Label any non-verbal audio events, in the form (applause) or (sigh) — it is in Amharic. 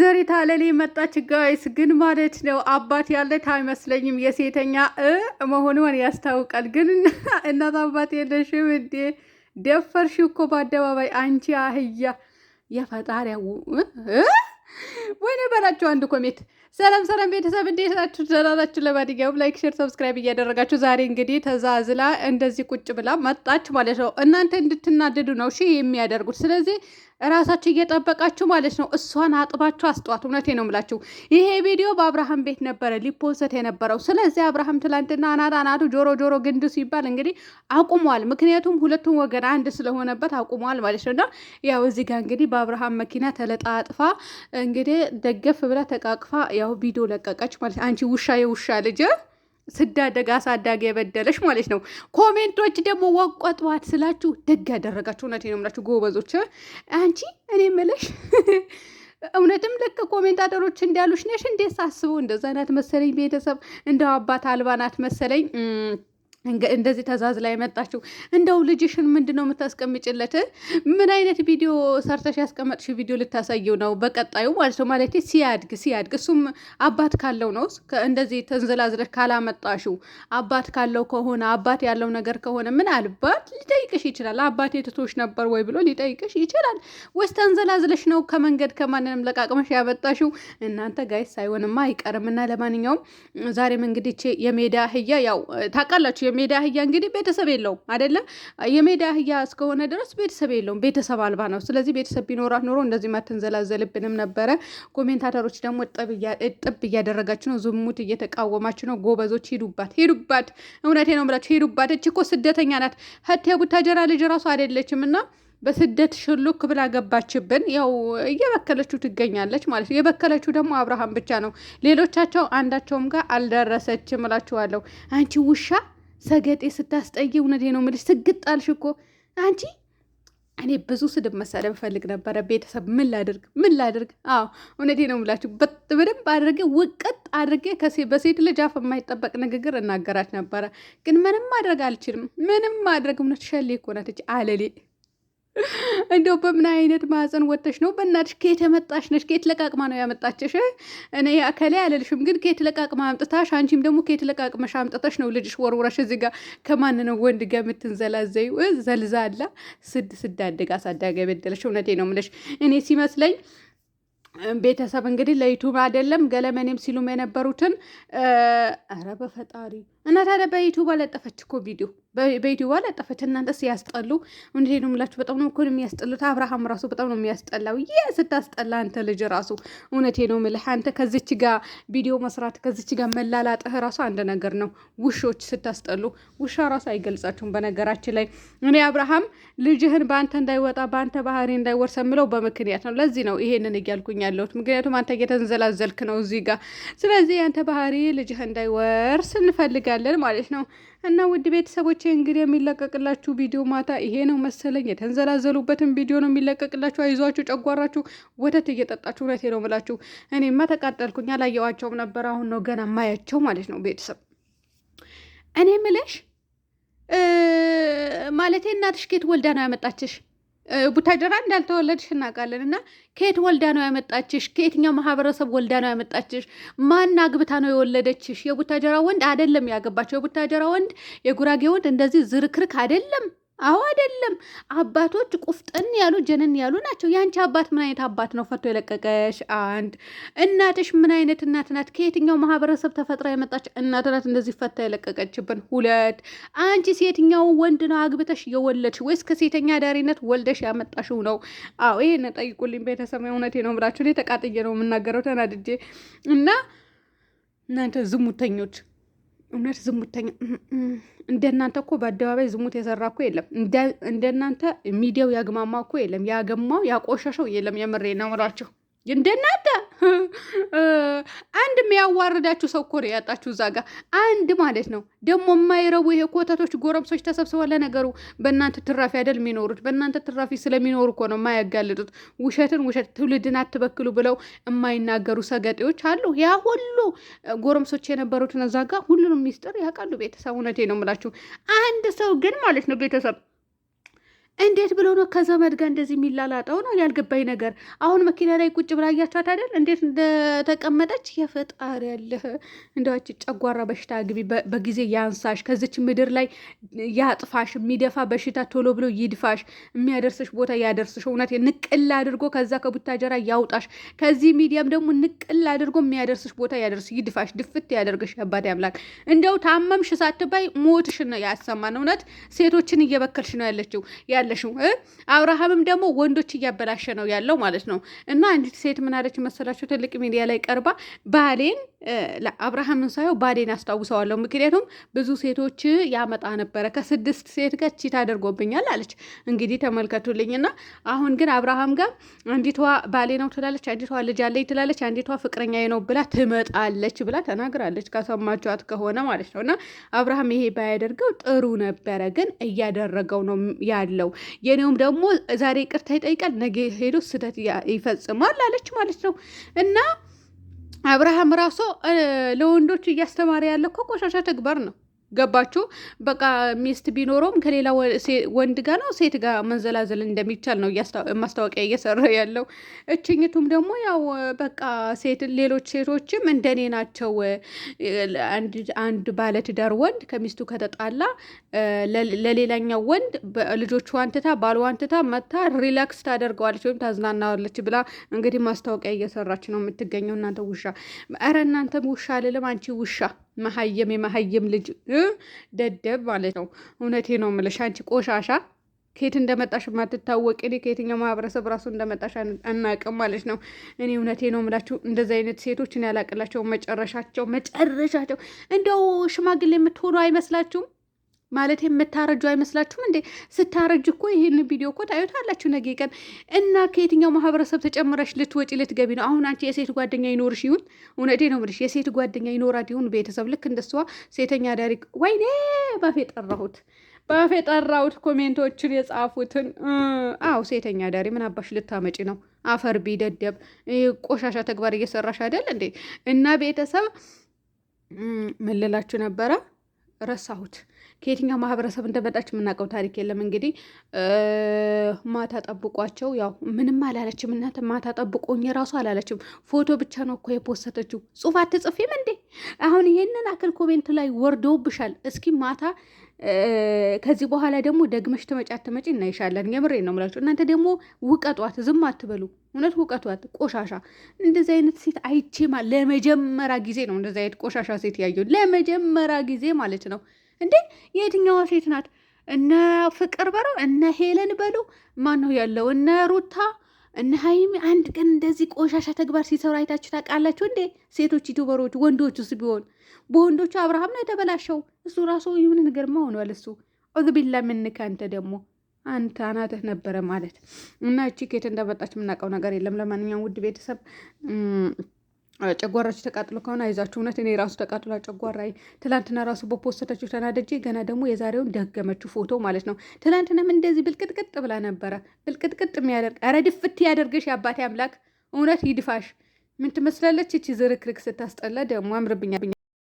ዘሪት አለሌ መጣች። ጋይስ ግን ማለት ነው አባት ያለት አይመስለኝም። የሴተኛ እ መሆኗን ያስታውቃል። ግን (laughs) እናት አባት የለሽም እንዴ? ደፈርሽ እኮ በአደባባይ አንቺ አህያ የፈጣሪያ ወይኔ በላችሁ። አንድ ኮሜት ሰላም ሰላም ቤተሰብ እንዴት ናችሁ? ደህና ናችሁ? ለማንኛውም ላይክ፣ ሼር፣ ሰብስክራይብ እያደረጋችሁ ዛሬ እንግዲህ ተዛዝላ እንደዚህ ቁጭ ብላ መጣች ማለት ነው። እናንተ እንድትናደዱ ነው ሺ የሚያደርጉት። ስለዚህ እራሳችሁ እየጠበቃችሁ ማለት ነው። እሷን አጥባችሁ አስጧት። እውነቴ ነው ምላችሁ ይሄ ቪዲዮ በአብርሃም ቤት ነበረ ሊፖሰት የነበረው። ስለዚህ አብርሃም ትላንትና አናት አናቱ ጆሮ ጆሮ ግንዱ ሲባል እንግዲህ አቁሟል። ምክንያቱም ሁለቱም ወገን አንድ ስለሆነበት አቁሟል ማለት ነው። እና ያው እዚህ ጋር እንግዲህ በአብርሃም መኪና ተለጣጥፋ እንግዲህ ደገፍ ብላ ተቃቅፋ ያው ቪዲዮ ለቀቀች ማለት አንቺ ውሻ የውሻ ልጅ ስዳደግ አሳዳጊ የበደለሽ ማለት ነው። ኮሜንቶች ደግሞ ወቆጥዋት ስላችሁ ደግ ያደረጋችሁ እውነቴን ነው የምላችሁ ጎበዞች። አንቺ እኔ የምልሽ (laughs) እውነትም ልክ ኮሜንታተሮች እንዳሉሽ ነሽ። እንዴት ሳስበው እንደዛ ናት መሰለኝ ቤተሰብ እንደው አባት አልባ ናት መሰለኝ። እንደዚህ ተዛዝ ላይ መጣችሁ። እንደው ልጅሽን ምንድን ነው የምታስቀምጭለት? ምን አይነት ቪዲዮ ሰርተሽ ያስቀመጥሽ ቪዲዮ ልታሳየው ነው? በቀጣዩ ማለት ነው ማለት ሲያድግ ሲያድግ እሱም አባት ካለው ነው። እንደዚህ ተንዘላዝለሽ ካላመጣሽው አባት ካለው ከሆነ አባት ያለው ነገር ከሆነ አልባት ሊጠይቅሽ ይችላል። አባት ትቶሽ ነበር ወይ ብሎ ሊጠይቅሽ ይችላል። ወይስ ተንዘላዝለሽ ነው ከመንገድ ከማንንም ለቃቅመሽ ያመጣሽው? እናንተ ጋይስ ሳይሆንማ አይቀርም። እና ለማንኛውም ዛሬም እንግዲህ የሜዳ አህያ ያው ታውቃላችሁ የሜዳ አህያ እንግዲህ ቤተሰብ የለውም አይደለ? የሜዳ አህያ እስከሆነ ድረስ ቤተሰብ የለውም፣ ቤተሰብ አልባ ነው። ስለዚህ ቤተሰብ ቢኖራት ኖሮ እንደዚህ ማትንዘላዘልብንም ነበረ። ኮሜንታተሮች ደግሞ እጥብ እያደረጋችሁ ነው፣ ዝሙት እየተቃወማችሁ ነው። ጎበዞች ሂዱባት፣ ሂዱባት። እውነቴ ነው ብላችሁ ሂዱባት። እች እኮ ስደተኛ ናት። ሀቴ ቡታጀራ ልጅ ራሱ አይደለችም እና በስደት ሽሉክ ብላ ገባችብን። ያው እየበከለችው ትገኛለች ማለት ነው። የበከለችው ደግሞ አብርሃም ብቻ ነው። ሌሎቻቸው አንዳቸውም ጋር አልደረሰችም እላችኋለሁ። አንቺ ውሻ ሰገጤ ስታስጠይ እውነቴ ነው የምልሽ። ስግጥ አልሽ እኮ አንቺ። እኔ ብዙ ስድብ መሳደብ ፈልግ ነበረ። ቤተሰብ ምን ላድርግ ምን ላድርግ? አዎ እውነቴ ነው የምላችሁ። በደንብ አድርጌ ውቅጥ አድርጌ በሴት ልጅ አፍ የማይጠበቅ ንግግር እናገራች ነበረ። ግን ምንም ማድረግ አልችልም። ምንም ማድረግ እውነት ሸሌ እኮ ናት አለሌ እንደው በምን አይነት ማዕፀን ወጥተሽ ነው? በእናትሽ ኬት የመጣሽ ነሽ? ኬት ለቃቅማ ነው ያመጣችሽ? እኔ አከላይ አልልሽም፣ ግን ኬት ለቃቅማ አምጥታሽ፣ አንቺም ደግሞ ኬት ለቃቅመሽ አምጥተሽ ነው ልጅሽ ወርውረሽ እዚህ ጋር ከማን ነው ወንድ ጋር የምትንዘላዘዩ? ዘልዛላ ስድ ስድ አደግ አሳዳጊ የበደለሽ። እውነቴ ነው የምልሽ እኔ ሲመስለኝ ቤተሰብ እንግዲህ ለዩቱብ አይደለም ገለመኔም ሲሉም የነበሩትን ኧረ በፈጣሪ እና ታዲያ በዩቱብ አለጠፈች እኮ ቪዲዮ በዩቱብ አለጠፈች። እናንተ ሲያስጠሉ እንዴ ነው ምላችሁ? በጣም ነው እኮ የሚያስጠሉት። አብርሃም ራሱ በጣም ነው የሚያስጠላው። ይህ ስታስጠላ አንተ ልጅ ራሱ እውነቴ ነው ምልህ። አንተ ከዚች ጋር ቪዲዮ መስራት ከዚች ጋር መላላጥህ ራሱ አንድ ነገር ነው። ውሾች ስታስጠሉ፣ ውሻ ራሱ አይገልጻችሁም። በነገራችን ላይ እኔ አብርሃም ልጅህን በአንተ እንዳይወጣ በአንተ ባህሪ እንዳይወርሰ ምለው በምክንያት ነው። ለዚህ ነው ይሄንን እያልኩኝ ያለሁት። ምክንያቱም አንተ እየተንዘላዘልክ ነው እዚህ ጋር። ስለዚህ አንተ ባህሪ ልጅህ እንዳይወርስ እንፈልጋል እንሄዳለን ማለት ነው። እና ውድ ቤተሰቦቼ እንግዲህ የሚለቀቅላችሁ ቪዲዮ ማታ ይሄ ነው መሰለኝ። የተንዘላዘሉበትን ቪዲዮ ነው የሚለቀቅላችሁ። አይዟችሁ፣ ጨጓራችሁ ወተት እየጠጣችሁ እውነቴን ነው እኔ እኔማ ተቃጠልኩኝ፣ አላየኋቸውም ነበር። አሁን ነው ገና ማያቸው ማለት ነው። ቤተሰብ እኔ ምለሽ ማለቴ እናትሽ ኬት ወልዳ ነው ያመጣችሽ? ቡታጀራ እንዳልተወለድሽ እናውቃለን። እና ከየት ወልዳ ነው ያመጣችሽ? ከየትኛው ማህበረሰብ ወልዳ ነው ያመጣችሽ? ማን አግብታ ነው የወለደችሽ? የቡታጀራ ወንድ አይደለም ያገባቸው። የቡታጀራ ወንድ፣ የጉራጌ ወንድ እንደዚህ ዝርክርክ አይደለም። አዎ አይደለም። አባቶች ቁፍጥን ያሉ ጀነን ያሉ ናቸው። የአንቺ አባት ምን አይነት አባት ነው ፈቶ የለቀቀሽ? አንድ እናትሽ ምን አይነት እናት ናት? ከየትኛው ማህበረሰብ ተፈጥራ የመጣች እናት ናት እንደዚህ ፈታ የለቀቀችብን? ሁለት አንቺ ሴትኛው ወንድ ነው አግብተሽ የወለድሽ ወይስ ከሴተኛ ዳሪነት ወልደሽ ያመጣሽው ነው? አዎ ይሄን ጠይቁልኝ ቤተሰብ። እውነቴ ነው ብላችሁ ተቃጥዬ ነው የምናገረው ተናድጄ እና እናንተ ዝሙተኞች እውነት ዝሙተኛ እንደናንተ እኮ በአደባባይ ዝሙት የሰራ እኮ የለም። እንደናንተ ሚዲያው ያግማማ እኮ የለም። ያገማው ያቆሸሸው የለም። የምሬ ነው የምላችሁ እንደናንተ (laughs) አንድ የሚያዋርዳችሁ ሰው እኮ ነው ያጣችሁ እዛ ጋር አንድ ማለት ነው። ደግሞ የማይረቡ ይሄ ኮተቶች ጎረምሶች ተሰብስበው ለነገሩ በእናንተ ትራፊ አይደል የሚኖሩት። በእናንተ ትራፊ ስለሚኖሩ እኮ ነው የማያጋልጡት። ውሸትን ውሸት ትውልድን አትበክሉ ብለው የማይናገሩ ሰገጤዎች አሉ። ያ ሁሉ ጎረምሶች የነበሩትን እዛ ጋር ሁሉንም ሚስጥር ያውቃሉ ቤተሰብ። እውነቴ ነው የምላችሁ አንድ ሰው ግን ማለት ነው ቤተሰብ እንዴት ብሎ ነው ከዘመድ ጋር እንደዚህ የሚላላጠው? ነው ያልገባኝ ነገር። አሁን መኪና ላይ ቁጭ ብላ እያቻት አይደል? እንዴት እንደተቀመጠች የፈጣሪ ያለ እንደዋች ጨጓራ በሽታ ግቢ በጊዜ ያንሳሽ፣ ከዚች ምድር ላይ ያጥፋሽ። የሚደፋ በሽታ ቶሎ ብሎ ይድፋሽ፣ የሚያደርስሽ ቦታ ያደርስሽ። እውነት ንቅል አድርጎ ከዛ ከቡታጀራ ያውጣሽ፣ ከዚህ ሚዲያም ደግሞ ንቅል አድርጎ የሚያደርስሽ ቦታ ያደርስ፣ ይድፋሽ፣ ድፍት ያደርግሽ። አባቴ ያምላክ እንደው ታመምሽ ሳትባይ ሞትሽ ነው ያሰማን። እውነት ሴቶችን እየበከልሽ ነው ያለችው ያለሽው? አብርሃምም ደግሞ ወንዶች እያበላሸ ነው ያለው ማለት ነው። እና አንዲት ሴት ምን አለች መሰላችሁ? ትልቅ ሚዲያ ላይ ቀርባ ባሌን አብርሃምን ሳየው ባሌን አስታውሰዋለሁ፣ ምክንያቱም ብዙ ሴቶች ያመጣ ነበረ፣ ከስድስት ሴት ጋር ቺት አድርጎብኛል አለች። እንግዲህ ተመልከቱልኝ። እና አሁን ግን አብርሃም ጋር አንዲቷ ባሌ ነው ትላለች፣ አንዲቷ ልጅ አለኝ ትላለች፣ አንዲቷ ፍቅረኛ ነው ብላ ትመጣለች ብላ ተናግራለች። ከሰማችኋት ከሆነ ማለት ነው። እና አብርሃም ይሄ ባያደርገው ጥሩ ነበረ፣ ግን እያደረገው ነው ያለው የኔውም ደግሞ ዛሬ ይቅርታ ይጠይቃል፣ ነገ ሄዶ ስህተት ይፈጽማል አለች ማለት ነው እና አብርሃም ራሱ ለወንዶች እያስተማረ ያለ እኮ ቆሻሻ ተግባር ነው። ገባችሁ? በቃ ሚስት ቢኖረውም ከሌላ ወንድ ጋር ነው ሴት ጋር መንዘላዘል እንደሚቻል ነው ማስታወቂያ እየሰራ ያለው። እችኝቱም ደግሞ ያው በቃ ሴት ሌሎች ሴቶችም እንደኔ ናቸው። አንድ ባለትዳር ወንድ ከሚስቱ ከተጣላ ለሌላኛው ወንድ ልጆቹ አንትታ ባሉ አንትታ መታ ሪላክስ ታደርገዋለች ወይም ታዝናናዋለች ብላ እንግዲህ ማስታወቂያ እየሰራች ነው የምትገኘው። እናንተ ውሻ፣ ኧረ እናንተ ውሻ አልልም፣ አንቺ ውሻ መሀየም የመሀየም ልጅ ደደብ ማለት ነው። እውነቴ ነው የምልሽ አንቺ ቆሻሻ ከየት እንደመጣሽ የማትታወቅ እኔ ከየትኛው ማህበረሰብ ራሱ እንደመጣሽ አናቅም ማለት ነው። እኔ እውነቴ ነው የምላችሁ እንደዚህ አይነት ሴቶች ያላቅላቸው መጨረሻቸው መጨረሻቸው። እንደው ሽማግሌ የምትሆኑ አይመስላችሁም? ማለት የምታረጁ አይመስላችሁም እንዴ? ስታረጅ እኮ ይህን ቪዲዮ እኮ ታዩታላችሁ ነገ ቀን እና ከየትኛው ማህበረሰብ ተጨምረሽ ልትወጪ ልትገቢ ነው? አሁን አንቺ የሴት ጓደኛ ይኖርሽ ይሁን? እውነቴ ነው የምልሽ የሴት ጓደኛ ይኖራት ይሁን? ቤተሰብ ልክ እንደሷ ሴተኛ ዳሪ። ወይኔ ባፌ ጠራሁት፣ ባፌ ጠራሁት ኮሜንቶችን የጻፉትን። አዎ ሴተኛ ዳሪ ምን አባሽ ልታመጪ ነው? አፈር ቢደደብ ቆሻሻ ተግባር እየሰራሽ አይደል እንዴ? እና ቤተሰብ ምን ልላችሁ ነበረ? ረሳሁት። ከየትኛው ማህበረሰብ እንደመጣች የምናውቀው ታሪክ የለም። እንግዲህ ማታ ጠብቋቸው፣ ያው ምንም አላለችም እናት ማታ ጠብቆኝ የራሱ አላለችም። ፎቶ ብቻ ነው እኮ የፖሰተችው። ጽሁፍ አትጽፊም እንዴ? አሁን ይሄንን አክል ኮሜንት ላይ ወርደውብሻል። እስኪ ማታ ከዚህ በኋላ ደግሞ ደግመሽ ትመጪ አትመጪ እናይሻለን። የምሬ ነው የምላችሁ። እናንተ ደግሞ ውቀጧት፣ ዝም አትበሉ። እውነት ውቀቷት። ቆሻሻ እንደዚ አይነት ሴት አይቼ ለመጀመሪያ ጊዜ ነው እንደዚ አይነት ቆሻሻ ሴት ያየው፣ ለመጀመሪያ ጊዜ ማለት ነው። እንዴ የትኛዋ ሴት ናት? እነ ፍቅር በለው እነ ሄለን በሉ ማን ነው ያለው? እነ ሩታ እነ ሀይሚ አንድ ቀን እንደዚህ ቆሻሻ ተግባር ሲሰሩ አይታችሁ ታውቃላችሁ እንዴ? ሴቶች ዩቱበሮች፣ ወንዶች ውስጥ ቢሆን በወንዶቹ አብርሃም ነው የተበላሸው። እሱ ራሱ የሆነ ነገር ሆኗል። እሱ ኦግቢላ ምንካ አንተ ደግሞ አንተ አናትህ ነበረ ማለት እና እቺ ኬት እንደመጣች የምናውቀው ነገር የለም። ለማንኛውም ውድ ቤተሰብ ጨጓራችሁ ተቃጥሎ ከሆነ አይዛችሁ። እውነት እኔ ራሱ ተቃጥሏል ጨጓራ ትላንትና ራሱ በፖስተታችሁ ተናደጄ ገና ደግሞ የዛሬውን ደገመችው ፎቶ ማለት ነው። ትላንትናም እንደዚህ ብልቅጥቅጥ ብላ ነበረ። ብልቅጥቅጥ የሚያደርግ ኧረ ድፍት ያደርግሽ የአባቴ አምላክ እውነት ይድፋሽ። ምን ትመስላለች ይቺ ዝርክርክ ስታስጠላ ደግሞ አምርብኛ